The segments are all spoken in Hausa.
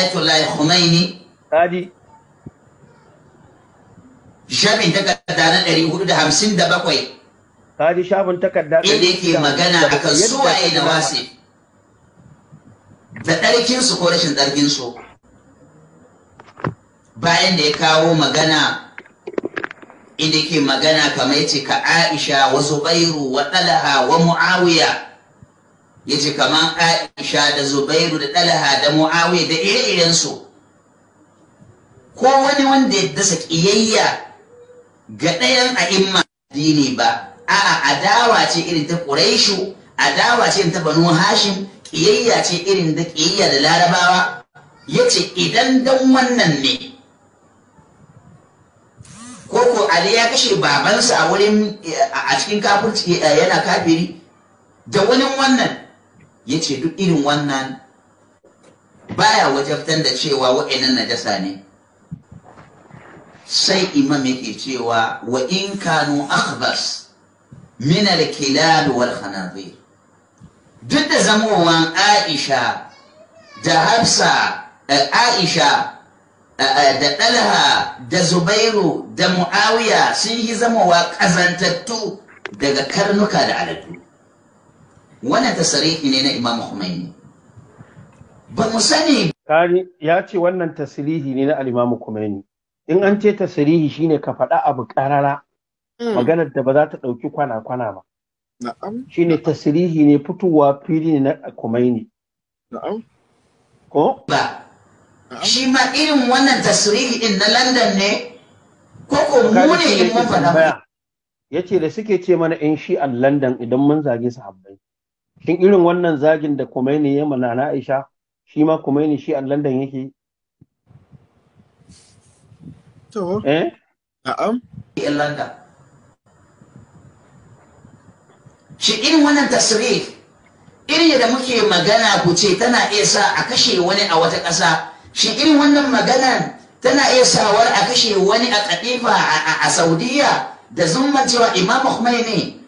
Ayatullahi Khomeini Hadi Shafin takarda na ɗari hudu da hamsin da bakwai Hadi shafin yake magana a kan suwaye na wasi da ɗarkinsu ko rashin ɗarkinsu bayan da ya kawo magana inda yake magana kamar yace ka Aisha wa Zubairu wa Talha wa Muawiya Ya ce kamar Aisha da Zubairu da Dalaha da Muawiya da ire su ko wani wanda ya dasa ƙiyayya ga ɗayan a'imma addini ba a'a adawa ce irin ta Quraishu adawa ce ta Banu Hashim kiyayya ce irin da kiyayya da Larabawa yace idan dan wannan ne koko Ali ya kashe babansa a a cikin kafirci yana kafiri da wani wannan ya ce duk irin wannan baya wajabtar da cewa na najasa ne sai imam yake cewa wa in kanu akhbas min al-kilal wal khanazir duk da zamowan Aisha da Hafsa Aisha da Dalha da Zubairu da Muawiya sun yi zamowa kazantattu daga karnuka da aladu wannan tasarihi ne na Imam Khomeini ba mu sani ya ce wannan tasirihi ne na Al-Imam Khomeini in an ce tasirihi shine ka faɗa abu ƙarara hmm. maganar da ba za ta ɗauki kwana-kwana ba shine tasirihi ne fitowa fili ne na Khomeini ko ba shi ma irin wannan tasirihi din na London ne ko ko mu ne in mun faɗa ya ce da suke ce mana in shi a London idan mun zage su habbai shin irin wannan zagin da Khomeini ya mana na Aisha shi ma Khomeini shi a London yake to eh na'am in London shi irin wannan tasrif irin da muke magana ku ce tana iya sa a kashe wani a wata ƙasa shi irin wannan maganan tana iya sawar a kashe wani a kadifa a Saudiya da zumman cewa Imam Khomeini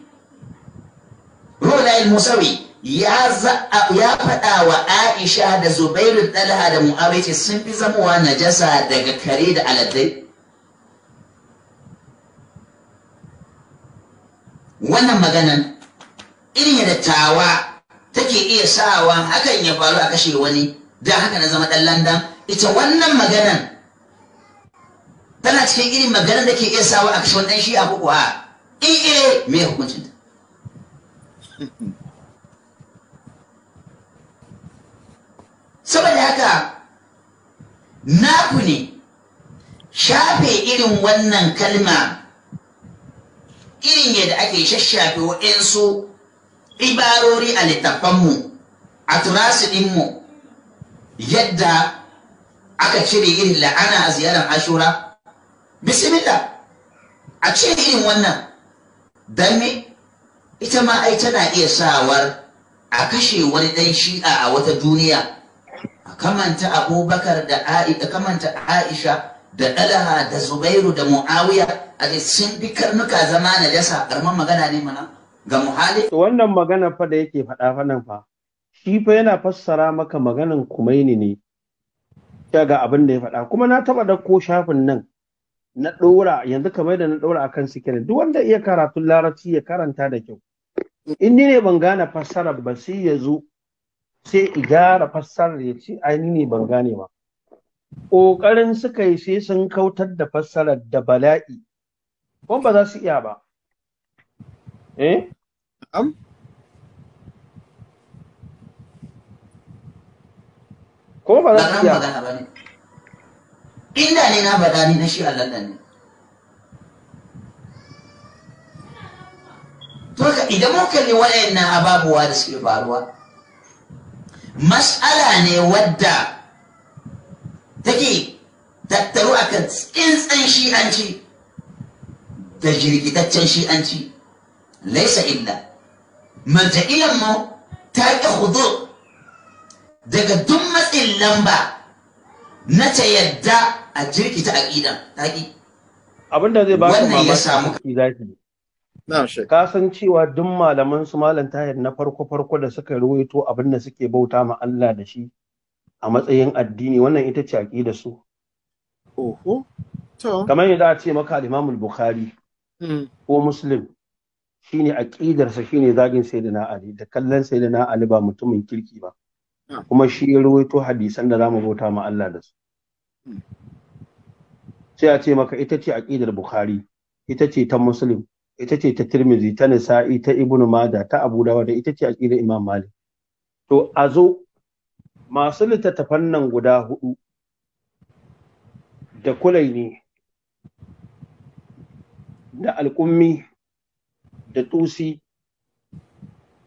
ruhulai musawi ya faɗa wa aisha da zubairu Talha da mu'awai sun fi zamowa najasa daga kare da aladdai? wannan maganan irin yadda tawa take iya sawa hakan ya faru a kashe wani don haka na zama ɗan landan ita wannan maganan tana cikin irin maganar da ke iya sawa a kashe wani ɗan shi a kuku Ee. Eh, eh, in hukuncinta saboda haka naku ne shafe irin wannan kalma irin yadda ake shashafe waɗansu ibarori a mu a turasu ɗinmu yadda aka cire irin la'ana a ziyarar ashura bismillah a cire irin wannan don me ita ma ai tana iya sawar a kashe wani dan shi'a a wata duniya a kamanta abubakar da a kamanta aisha da ɗalaha da zubairu da mu'awiya a sun bi karnuka zama na jasa ƙarman magana ne mana ga muhali wannan magana fa da yake faɗa nan fa shi fa yana fassara maka maganan kumaini ne ga abin da ya faɗa kuma na taɓa ɗauko shafin nan na ɗora yanzu kamar da na ɗora akan sikirin, duk wanda iya karatun larabci ya karanta da kyau in ni ne ban gane fassarar ba sai ya zo sai i gyara fassarar ya ce ai ni ne ban gane ba ƙoƙarin suka yi sai sun kautar da fassarar da bala'i ko ba za su iya ba eh am ko ba za su iya ba inda ne na ni na shi a ne Doka idan mun kalli waɗannan ababuwa da suke faruwa, mas'ala ne wadda take tattaru a kan tsintsin shi'anci da jirgitaccen shi'anci, laisa illa. mu ta ƙi hudu daga duk matsin lamba na ta yadda a jirgita ƙidan ta ƙi. Wannan ya zai ba mamaki ka san cewa duk malaman su malam tahir na farko farko da suka ruwaito abin da suke bauta ma Allah da shi a matsayin addini wannan ita ce aqida su oho kamar yadda a ce maka al bukhari hmm. ko Muslim shine aqidar sa shine zagin sayyidina Ali da kallon sayyidina Ali ba mutumin kirki ba ah. kuma shi ya ruwaito hadisan da zamu bauta ma Allah da su hmm. sai a ce maka ita ce aqidar Bukhari ita ce ta Muslim ita ce ta Tirmidhi ta Nisa'i ta Ibn Mada ta Abu Dawud da ita ce aqidar Imam Malik to a zo masu littattafan nan guda hudu da kulaini da alƙummi da tusi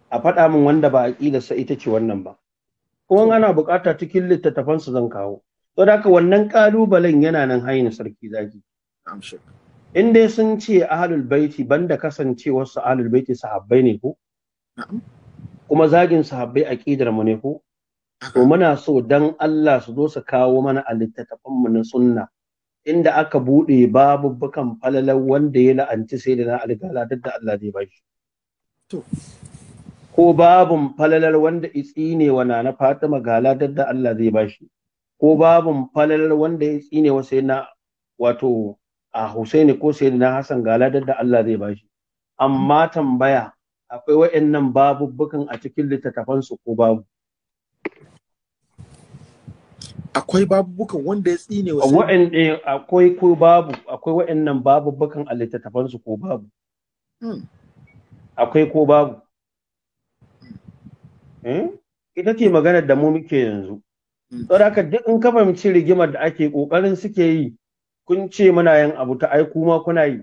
a faɗa min wanda ba a sa ita ce wannan ba kuma ana buƙata cikin littattafansu zan kawo to da wannan ƙalubalen yana nan hayin sarki zaki in dai sun ce ahalul baiti banda kasancewar su ahalul baiti sahabbai ne ko kuma zagin sahabbai aqidar mu ne ko to muna so dan Allah su zo su kawo mana a littattafan mu na sunna inda aka bude bukan falalar wanda ya la'anci sai da na algala da Allah zai bashi to ko babun falalar wanda itsi ne wa na Fatima gala da Allah zai bashi ko babun falalar wanda ya tsine wa sai na wato a Husaini ko na Hassan ga ladar da Allah zai bashi amma tambaya akwai wa'annan babubbukan a cikin littattafan su ko babu akwai babubbukan wanda ya tsine wa eh, akwai ko babu akwai wa'annan babubbukan a littattafan su ko babu hmm. akwai ko babu eh? ita ce maganar da mu muke yanzu hmm. saboda duk in ka fahimci rigimar da ake kokarin suke yi kun ce muna yin abu ta ai kuma kuna yi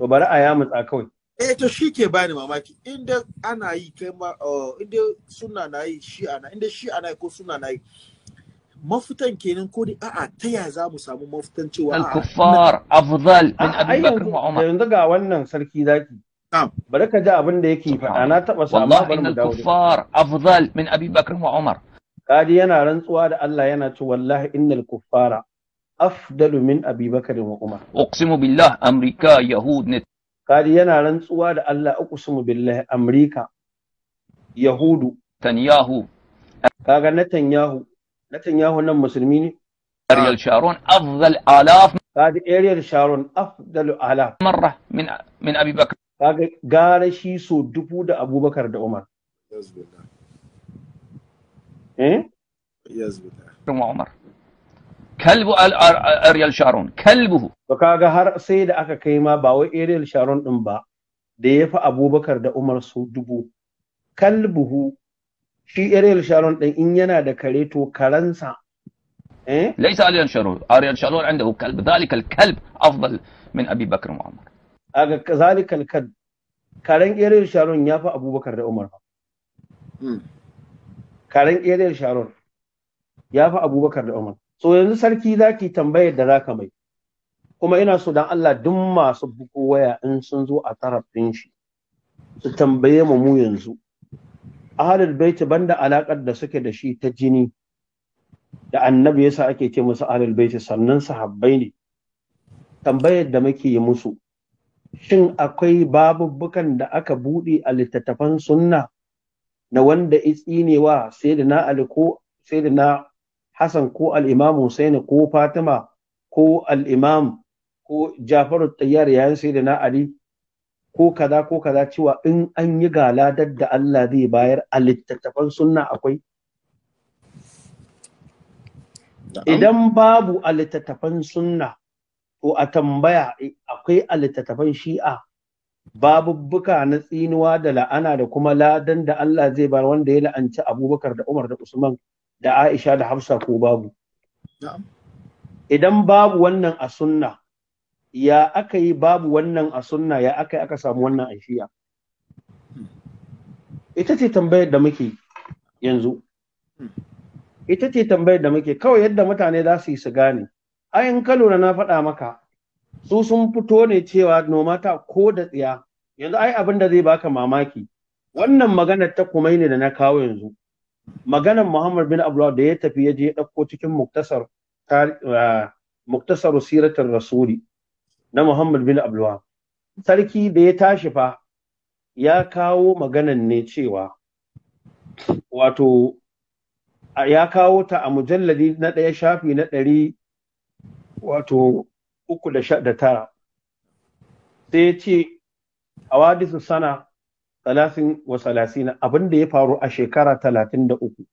to bari a ya mutsa kawai eh to shi ke bani mamaki inda ana yi kai ma oh, inda suna na yi shi ana inda shi ana ko suna na yi mafitan kenan ko ni? a'a ta ya za mu samu mafutan cewa al kufar afdal min abi wa umar yanzu ga wannan sarki zaki bari ka ji abin da yake faɗa na taɓa samu wallahi al kufar afdal min abi wa umar kadi yana rantsuwa da Allah yana ce wallahi innal kuffara afdalu min abi bakar wa umar uqsimu billah amrika yahud ne kadi yana rantsuwa da Allah uqsimu billahi amrika yahudu tanyahu kaga natanyahu natanyahu nan musulmi ne kaga Ariel Sharon afdalu alaf marra min min abi bakar kaga gara shi so dubu da كلب اريال شارون كلبه وكاغا هر سيد اكا كيما باو اريال شارون دم ديفا ابو بكر ده عمر سو دبو كلبه شي اريال شارون دين ان ينا ده كاري ليس اريال شارون اريال شارون عنده كلب ذلك الكلب افضل من ابي بكر وعمر اغا ذلك الكلب كارن اريال شارون يافا ابو بكر ده عمر كارن اريال شارون يافا ابو بكر ده عمر so yanzu sarki zaki tambayar da zaka mai kuma ina so dan Allah duk masu buko waya in sun zo a tarafin shi su tambaye mu mu yanzu ahlul bait banda alakar da suke da shi ta jini da annabi yasa ake ce musu ahlul bait sannan sahabbai ne tambayar da muke yi musu shin akwai babubbukan da aka buɗe a littattafan sunna na wanda itsinewa wa sai da na ali ko sai da na Hassan ko al'imam Hussein ko Fatima ko al'imam ko Jafaru Tayyar yayin sai da na Ali ko kaza ko kaza cewa in an yi galadar da Allah zai bayar a littattafan sunna akwai? Idan babu a littattafan sunna to a tambaya akwai a littattafan shi'a babubbuka na tsinuwa da la'ana da kuma ladan da Allah zai bayar wanda ya la'anci abubakar da Umar da Usman da Aisha da Hafsa ko babu idan babu wannan a sunna ya aka yi babu wannan a sunna ya aka yi aka samu wannan a shiya ita ce tambayar da muke yanzu ita ce tambayar da muke kawai yadda mutane za su yi su gane ayin kalo na na faɗa maka su sun fito ne cewa noma ta ko da tsiya yanzu ai abin da zai baka mamaki wannan maganar ta kuma ne da na kawo yanzu maganar Muhammad bin Abdullah da ya tafi ya je ya ɗauko cikin muktasar ah, muktasar siratar rasuli na Muhammad bin Abdullah sarki da ya tashi fa ya kawo maganan ne cewa wato ya kawo ta a mujalladi na ɗaya shafi na ɗari wato uku da tara sai ya ce a wadisu sana salasin wa salasina abin da ya faru a shekara talatin da uku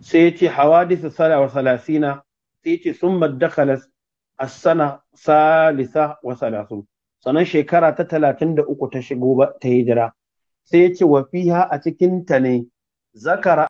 sai ya ce hawadisa sala wa salasina sai ya ce sun maddakala asana salisa wa salasu sannan shekara ta talatin da uku ta shigo ta hijira sai ya ce wa fiha a cikinta ne zakara